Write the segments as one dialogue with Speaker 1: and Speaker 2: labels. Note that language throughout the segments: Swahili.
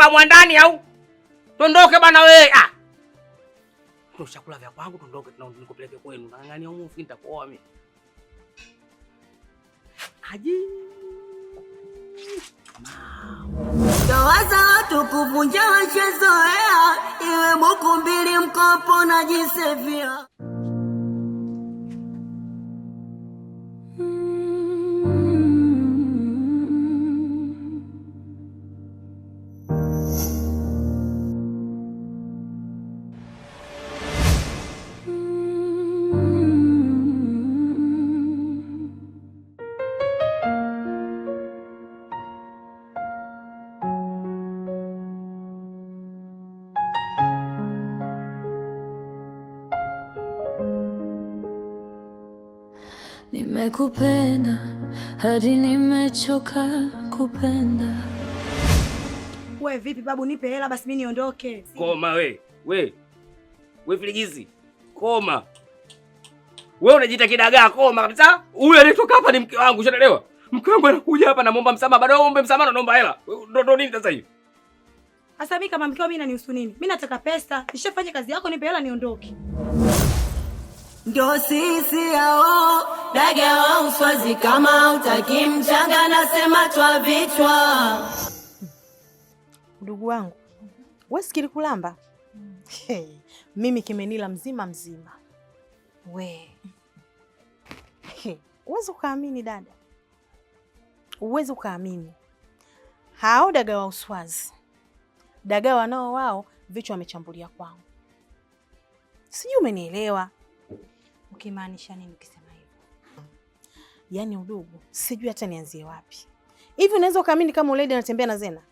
Speaker 1: umevaa mwandani au tondoke bana wewe. Ah, chakula vya kwangu, tondoke, nikupeleke kwenu. Nang'ania umufi, nitakuoa mimi. Aji
Speaker 2: tawaza tukuvunja wachezoea iwe buku mbili mkopo na jisevia
Speaker 3: Nimekupenda hadi nimechoka kupenda.
Speaker 4: We vipi babu, nipe hela basi mimi niondoke.
Speaker 5: Koma we, we. We filigizi. Koma. We unajiita kidagaa, koma kabisa. Huyu alitoka hapa ni mke wangu, unaelewa? Mke wangu anakuja hapa namuomba msamaha, bado uombe msamaha naomba hela. Ndo nini sasa hivi?
Speaker 4: Sasa mimi kama mkeo mimi nanihusu nini? Mimi nataka pesa. Nishafanye kazi yako, nipe hela niondoke.
Speaker 2: Ndio sisi hao daga wa uswazi, kama utaki mchanga nasema twa vichwa.
Speaker 4: Ndugu wangu wesikili sikili kulamba. Hey, mimi kimenila mzima mzima we hey, uwezi ukaamini dada, uwezi ukaamini hao daga wa uswazi, daga wanao wao vichwa wamechambulia kwangu, sijui umenielewa Ukimaanisha nini ukisema hivyo? Yaani udugu, sijui hata nianzie wapi. Hivi unaweza ukaamini kama Uledi anatembea na Zena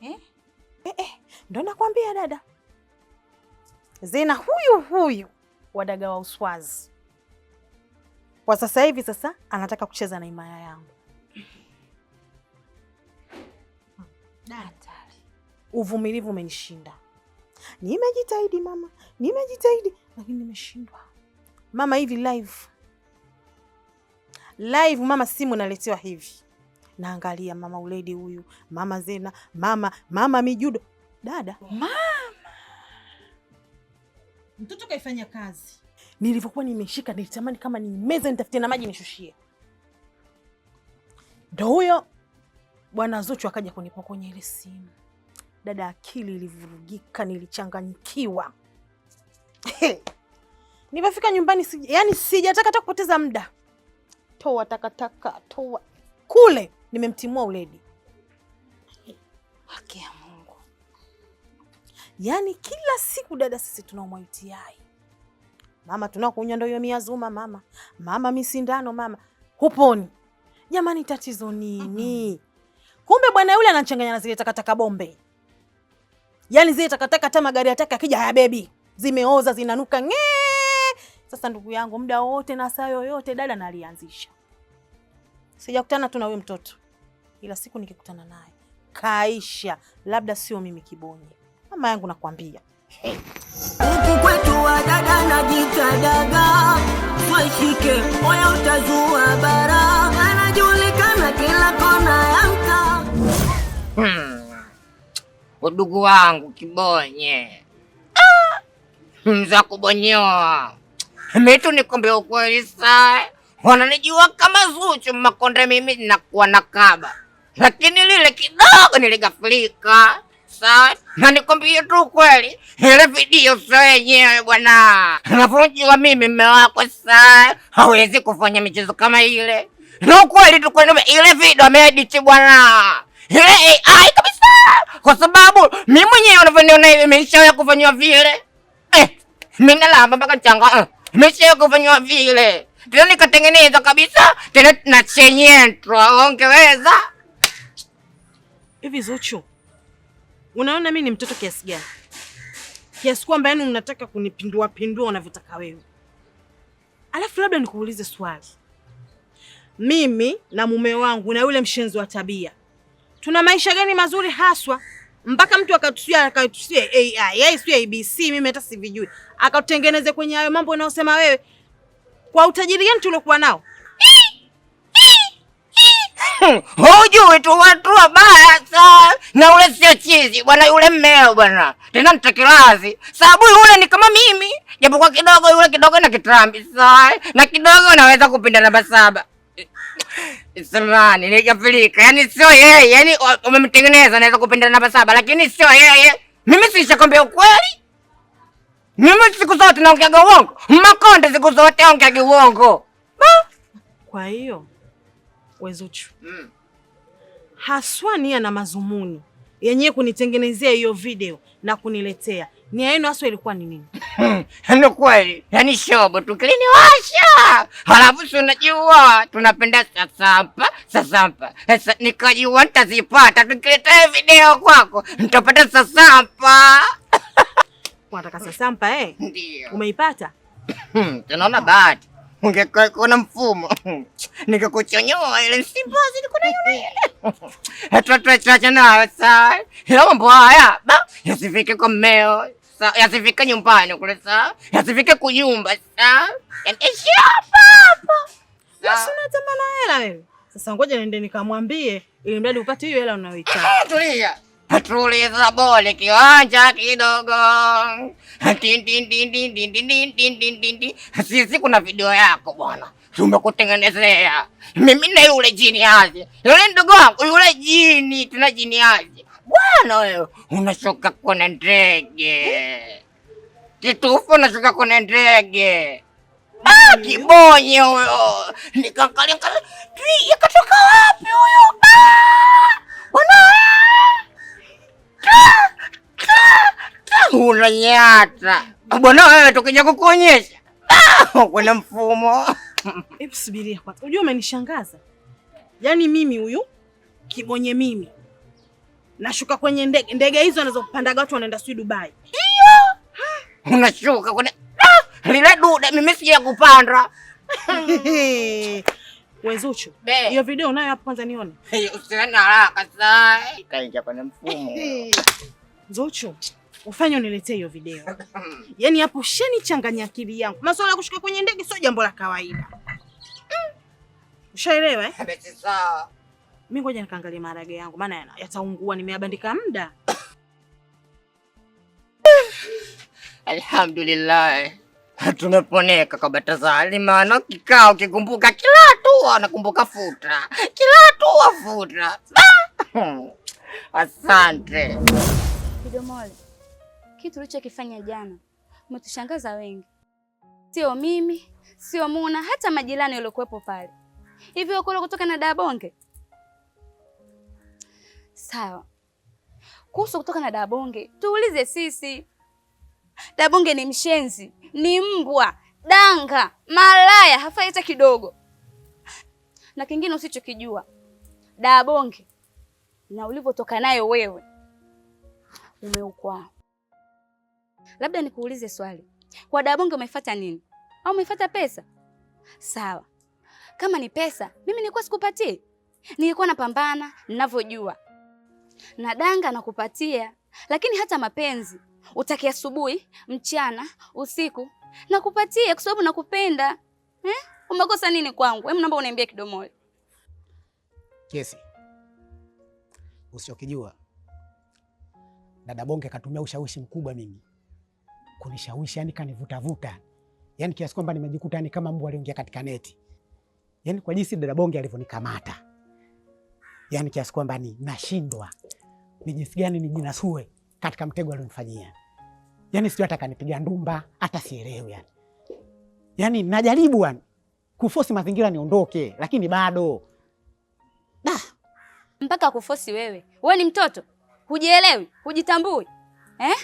Speaker 4: eh? Eh, eh, ndo nakwambia dada, Zena huyu huyu wadaga wa uswazi kwa sasa hivi, sasa anataka kucheza na imaya yangu. Uvumilivu umenishinda. Nimejitahidi mama, nimejitahidi, lakini nimeshindwa mama, hivi live live, mama, simu naletewa hivi, naangalia mama uledi huyu, mama Zena, mama mama Mijudo, dada mama mtoto kaifanya kazi. Nilivyokuwa nimeshika nilitamani kama ni meza nitafutie na maji nishushie. Ndo huyo bwana Zuchu akaja kunipokonya ile simu. Dada, akili ilivurugika, nilichanganyikiwa. Nilipofika nyumbani si, yani sijataka hata kupoteza muda. Toa takataka, toa kule. Nimemtimua uledi. Haki ya Mungu! yani kila siku dada, sisi tunaumwa UTI mama, tunakunywa ndio hiyo miazuma mama, mama misindano mama, huponi jamani, tatizo nini? mm -hmm. Kumbe bwana yule anachanganya na zile takataka bombe, yaani zile takataka hata magari yatake akija hayabebi, zimeoza zinanuka ng'ee sasa ndugu yangu, muda wote na saa yoyote dada nalianzisha. Sijakutana tu na huyo mtoto, ila siku nikikutana naye kaisha, labda sio mimi kibonye. Mama yangu nakwambia,
Speaker 2: huku kwetu wadada na jitadaga, waishike moya utazua bara, anajulikana kila kona ya mka
Speaker 6: Udugu hmm. wangu kibonye, ah! za Mitu nikwambia ukweli sai, wananijua kama Zuchu Makonde, mimi ninakuwa na kaba, lakini lile kidogo niligafulika sai. na nikwambie tu ukweli, ile video sio yenyewe bwana. Nafunjiwa mimi mme wako sai, hawezi kufanya michezo kama ile. Na ukweli tu kwa nime, ile video ameedit bwana, ile AI kabisa, kwa sababu mimi mwenyewe unavyoniona hivi, imeisha ya kufanywa vile eh, mimi nalamba mpaka changa uh. Eh. Tumesha kufanywa vile tena nikatengeneza kabisa tena na chenye twaongeweza
Speaker 4: hivi. Zuchu, unaona mimi ni mtoto kiasi gani, kiasi kwamba yani unataka kunipindua pindua unavyotaka wewe. Alafu labda nikuulize swali, mimi na mume wangu na yule mshenzi wa tabia tuna maisha gani mazuri haswa? mpaka mtu akatusia akatusia AI, yeye sio ABC, mimi hata sivijui, akatutengeneze kwenye hayo mambo unayosema wewe. Kwa utajiri gani tuliokuwa nao?
Speaker 6: Hujui tu watu wabaya sana, na ule sio chizi bwana, yule mmeo bwana, tena mtakirazi sababu yule ni kama mimi, japokuwa kidogo yule kidogo na kitrambi sana, na kidogo naweza kupinda namba saba eh. Israel ilijafilika, yaani sio yeye, yaani umemtengeneza, naweza kupenda namba saba, lakini sio yeye. Mimi siishakwambia ukweli, mimi siku zote naongeaga uongo. Makonde siku zote aongeaga uongo.
Speaker 4: Kwa hiyo Wezuchu, mm. haswa nia na mazumuni yenyewe kunitengenezea hiyo video na kuniletea ni aino haswa ilikuwa ni nini?
Speaker 6: Hmm, ni kweli, yani shobo tuklini washa. Halafu si unajua tunapenda sasampa sasampa. Sasa nikajua ntazipata tukiletea video kwako nitapata sasampa.
Speaker 4: Unataka sasampa eh? Ndio. Umeipata?
Speaker 6: Hmm, tunaona bahati Ungekuwa kuna mfumo nikakuchonyoa ile msimbazi niko na yule yule. Hata tuachache nayo sawa. Hiyo mambo haya ba yasifike kwa mmeo. Yasifike nyumbani kule sawa. Yasifike kuyumba sawa. Yaishi hapa hapa.
Speaker 4: Basi unatamana hela wewe. Sasa ngoja niende nikamwambie ili mradi upate hiyo hela unayoitaka.
Speaker 6: Eh, tulia tuliza boli kiwanja kidogo, sisi kuna video yako bwana, tumekutengenezea mimi na yule jini aje, yule ndugu wangu yule jini, tuna jini aje bwana, wewe unashuka kwenye ndege kitufu, unashuka kwenye ndege Ah, kibonye huyo, nikaangalia akatoka wapi huyo? Ah, ah! Unanyata bwana wewe, tukija kukuonyesha ah, kuna mfumo.
Speaker 4: Hebu subiria kwanza, unajua umenishangaza. Yaani mimi huyu kibonye mimi nashuka kwenye ndege, ndege hizo anazopandaga watu wanaenda sijui Dubai.
Speaker 6: Iyo unashuka kwenye ah, lile duda, mimi sija kupanda
Speaker 4: Wezuchu, hiyo video unayo hapo? Kwanza nione Zuchu, ufanye uniletee hiyo video. Yaani hapo shanichanganya akili yangu. Masuala ya kushuka kwenye ndege sio jambo la kawaida. Ushaelewa eh? Mimi ngoja nikaangalia maharage yangu maana yataungua, nimeyabandika muda.
Speaker 6: Alhamdulillah tumeponeka kwa Batazali, maana kikao kikumbuka, kila hatua nakumbuka futra, kila hatua futra. Asante
Speaker 7: Kidomole, kitu ulichokifanya jana umetushangaza wengi, sio mimi, sio Muna, hata majirani waliokuwepo pale. Hivyo kule kutoka na dabonge sawa. Kuhusu kutoka na dabonge, tuulize sisi. Dabonge ni mshenzi ni mbwa danga, malaya, hafai hata kidogo. Na kingine usichokijua, dabonge na ulivyotoka nayo wewe umeukwaa. Labda nikuulize swali, kwa dabonge umefata nini? Au umefata pesa? Sawa, kama ni pesa, mimi nilikuwa sikupatii, nilikuwa napambana ninavyojua, na danga nakupatia, lakini hata mapenzi utake asubuhi, mchana, usiku, nakupatia kwa sababu nakupenda eh? Umekosa nini kwangu? Hebu naomba uniambie Kidomoyo.
Speaker 8: Kesi usichokijua dada Bonge akatumia ushawishi mkubwa mimi kunishawishi, yani kanivutavuta, yani kiasi kwamba nimejikuta yani kama mbwa aliingia katika neti, Yaani kwa jinsi dada Bonge alivyonikamata, Yaani kiasi kwamba ni nashindwa ni jinsi gani nijinasue katika mtego alionifanyia yani sio hata kanipiga ndumba hata sielewi yani. Yani najaribu yani kufosi mazingira niondoke, lakini bado
Speaker 7: da mpaka kufosi wewe. Wewe ni mtoto, hujielewi, hujitambui eh?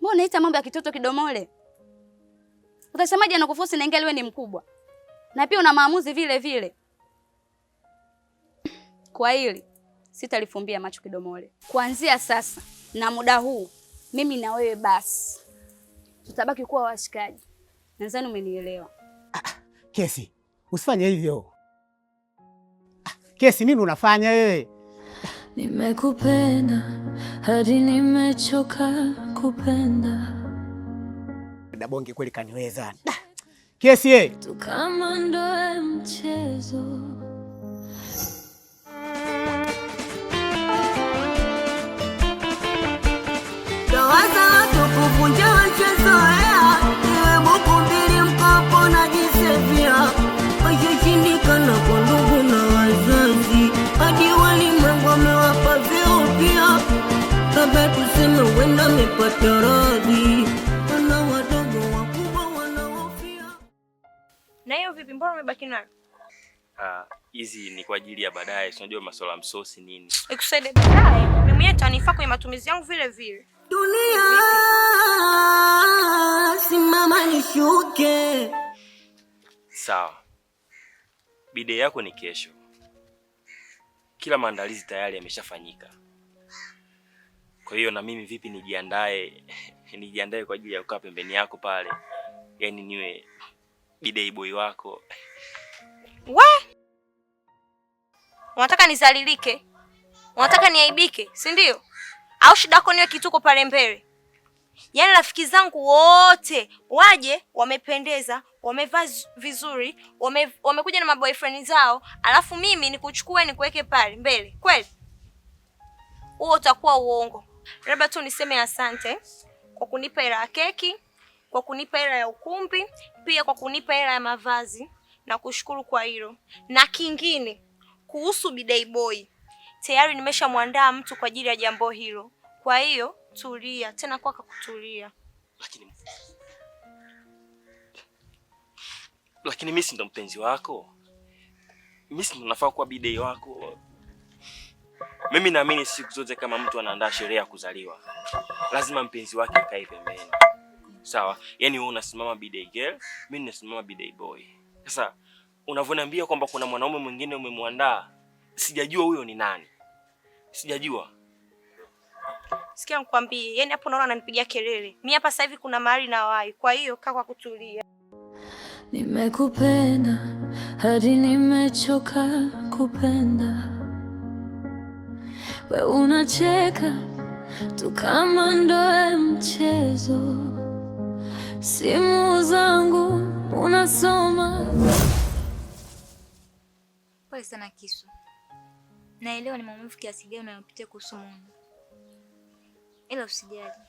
Speaker 7: Mbona unaita mambo ya kitoto kidomole? Utasemaje anakufosi na ingali wewe ni mkubwa na pia una maamuzi vile vile. Kwa hili sitalifumbia macho kidomole, kuanzia sasa na muda huu mimi na wewe basi tutabaki kuwa washikaji. Nadhani umenielewa.
Speaker 8: Ah, ah, Kesi, usifanye hivyo. Ah, Kesi, nini unafanya wewe?
Speaker 3: Nimekupenda hadi nimechoka kupenda.
Speaker 8: Dabonge kweli kaniweza. Kesi, eh.
Speaker 3: Tu kama ndoe mchezo
Speaker 2: Mvunje alichozoea iwe buku mbili na kwa ndugu na wazazi, hadi walimwengu wamewapa vyeo hiyo
Speaker 7: vipi, mbona umebaki nayo?
Speaker 9: Ah, hizi ni kwa ajili ya baadaye, unajua masuala msosi nini
Speaker 7: ikusaidie baadaye. Mimi yetu kwenye matumizi yangu vile vile.
Speaker 2: Dunia, simama nishuke.
Speaker 9: Sawa, bidei yako ni kesho. Kila maandalizi tayari yameshafanyika, kwa hiyo na mimi vipi nijiandae? Nijiandae kwa ajili ya kukaa pembeni yako pale, yaani niwe bidei boy wako.
Speaker 7: We unataka nisalilike? Unataka niaibike, si ndio? au shida yako niwe kituko pale mbele? Yaani rafiki zangu wote waje wamependeza, wamevaa vizuri, wame, wamekuja na maboyfriend zao, alafu mimi nikuchukue nikuweke pale mbele kweli? Huo utakuwa uongo. Labda tu niseme asante kwa kunipa hela ya keki, kwa kunipa hela ya ukumbi, pia kwa kunipa hela ya mavazi na kushukuru kwa hilo. Na kingine kuhusu Bidai Boy, tayari nimeshamwandaa mtu kwa ajili ya jambo hilo. Kwa hiyo tulia tena, kwaka kutulia.
Speaker 9: Lakini lakini mimi si ndo mpenzi wako, mimi si ndo nafaa kuwa bidei wako. Mimi naamini siku zote kama mtu anaandaa sherehe ya kuzaliwa lazima mpenzi wake akae pembeni, sawa? Yaani wewe unasimama bidei girl, mimi nasimama bidei boy. Sasa unavyoniambia kwamba kuna mwanaume mwingine umemwandaa, sijajua huyo ni nani, sijajua
Speaker 7: Sikia nikwambie, yani hapo naona ananipigia kelele. Mimi hapa sasa hivi kuna mahali na wai, kwa hiyo kaa kwa kutulia.
Speaker 3: Nimekupenda hadi nimechoka kupenda, we unacheka tu kama ndoe mchezo, simu zangu unasoma.
Speaker 10: Pole sana Kisu, naelewa ni maumivu kiasi gani unayopitia kuhusu Mungu ila usijali,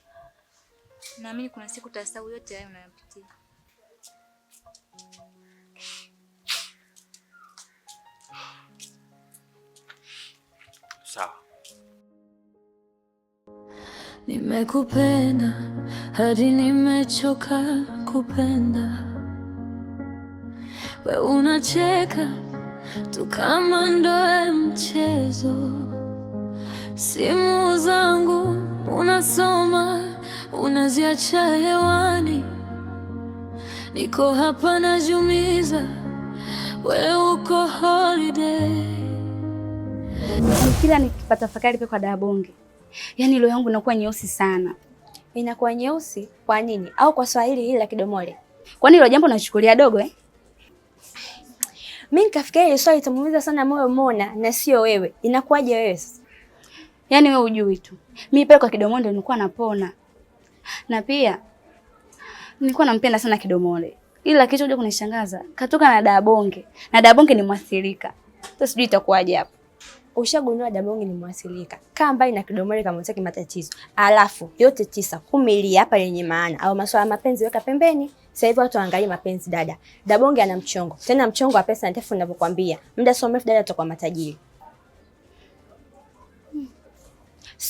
Speaker 10: naamini kuna siku tasabu yote hayo unayopitia.
Speaker 9: Sawa.
Speaker 3: Nimekupenda hadi nimechoka kupenda, we unacheka tu kama ndoe mchezo, simu zangu unasoma unaziacha hewani, niko hapa najumiza, wewe uko holiday.
Speaker 11: Kila nikipatafakari pia kwa dabonge, yaani roho yangu inakuwa nyeusi sana. Inakuwa nyeusi kwa nini? Au kwa Swahili hili la kidomole, kwani hilo jambo nachukulia dogo eh?
Speaker 12: Mi nikafikiria ile swali itamuumiza sana moyo Mona na sio wewe. Inakuwaje wewe sasa? Yaani wewe ujui tu. Mimi pale kwa Kidomo nilikuwa napona. Na pia nilikuwa nampenda sana Kidomole. Ila kitu kuja kunishangaza, katoka na Dabonge. Na Dabonge ni mwathirika. Sasa sijui itakuwaje hapo.
Speaker 11: Ushagundua Dabonge ni mwathirika. Kaa mbali na Kidomole kama unataka matatizo. Alafu yote tisa kumi ili hapa yenye maana au masuala ya mapenzi weka pembeni. Sasa hivi watu waangalie mapenzi dada. Dabonge ana mchongo. Tena mchongo wa pesa ndefu ninavyokuambia. Muda sio mrefu dada atakuwa matajiri.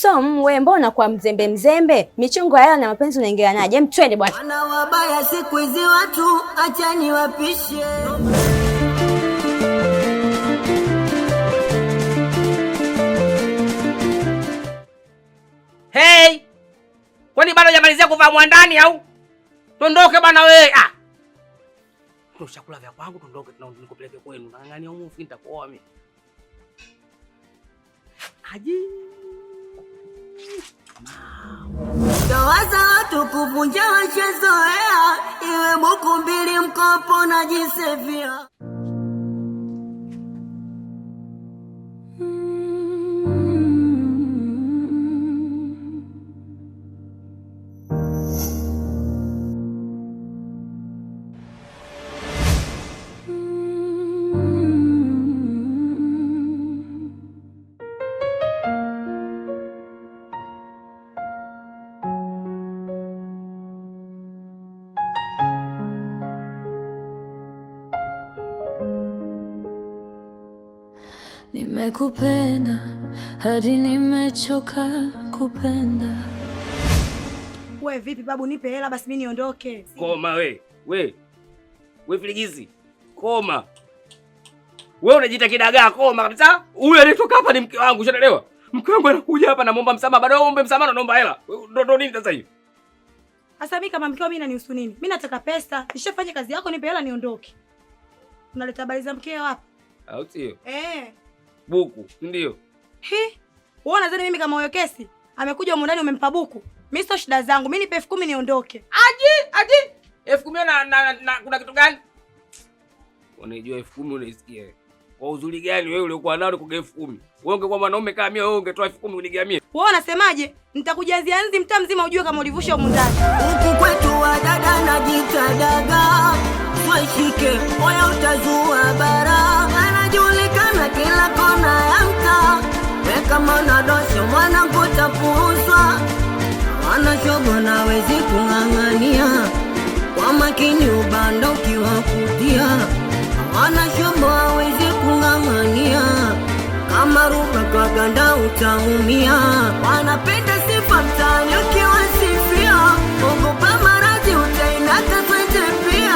Speaker 11: So mwe mm, mbona kwa mzembe mzembe, michongo ya hela na mapenzi unaingilianaje? Mtwende bwana.
Speaker 2: Wana wabaya siku hizi watu, achani wapishe.
Speaker 1: Hey! Kwani bado hujamalizia kuvaa mwandani au? Tondoke bwana wewe. Ah. Kuna chakula vya kwangu tondoke na nikupeleke kwenu. Ngangania huko kwa mimi. Aji.
Speaker 2: Tawaza watu kuvunja wachezoea, iwe buku mkopo na jisevia
Speaker 3: Nimekupenda hadi nimechoka kupenda.
Speaker 4: We vipi babu, nipe hela basi mimi niondoke.
Speaker 5: Koma we, we. We filigizi. Koma. We unajiita kidagaa, koma kabisa. Huyu aliyetoka hapa ni mke wangu, unaelewa? Mke wangu anakuja hapa namuomba msamaha, baadaye ombe msamaha naomba hela. Ndio nini sasa hivi?
Speaker 4: Sasa mimi kama mkeo mimi inanihusu nini? Mimi nataka pesa. Nishafanya kazi yako, nipe hela niondoke. Unaleta habari za mkeo hapa? Au sio? Eh
Speaker 5: buku, ndio?
Speaker 4: He, wewe unadhani mimi kama huyo kesi amekuja huko ndani umempa buku? Mimi sio shida zangu, mimi nipe elfu kumi niondoke.
Speaker 1: Aje, aji. elfu kumi na, na, na kuna kitu gani?
Speaker 5: Unajua elfu kumi unaisikia kwa uzuri gani wewe uliokuwa nao kuga elfu kumi? Wewe ungekuwa mwanaume kama mimi, wewe ungetoa elfu kumi unigamie.
Speaker 4: Wewe unasemaje? Nitakujazia nzi mtaa mzima ujue kama ulivusha huko ndani.
Speaker 2: Huku kwetu wa dada na jitadaga. Washike, moyo utazi kuuswa, hawana shobo na wezi kung'ang'ania, kwa makini ubanda ukiwakutia, hawana shobo hawezi kung'ang'ania, kama ruka kwa ganda utaumia, wanapenda sifa mtaani ukiwasifia, ogopa maradhi utainata kwenye pia,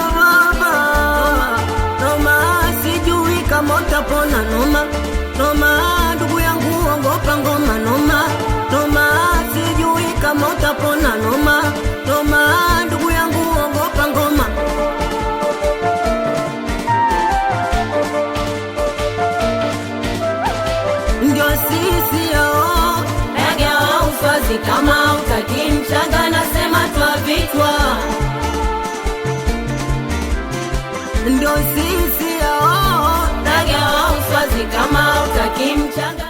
Speaker 2: obaba oh, noma, sijui kama utapona noma noma kuogopa ngoma noma noma, sijui kama utapona noma noma, ndugu yangu ogopa ngoma. Ndio sisi oh, ege ufazi kama utaki nasema twavitwa. Ndio sisi oh, ege ufazi kama utaki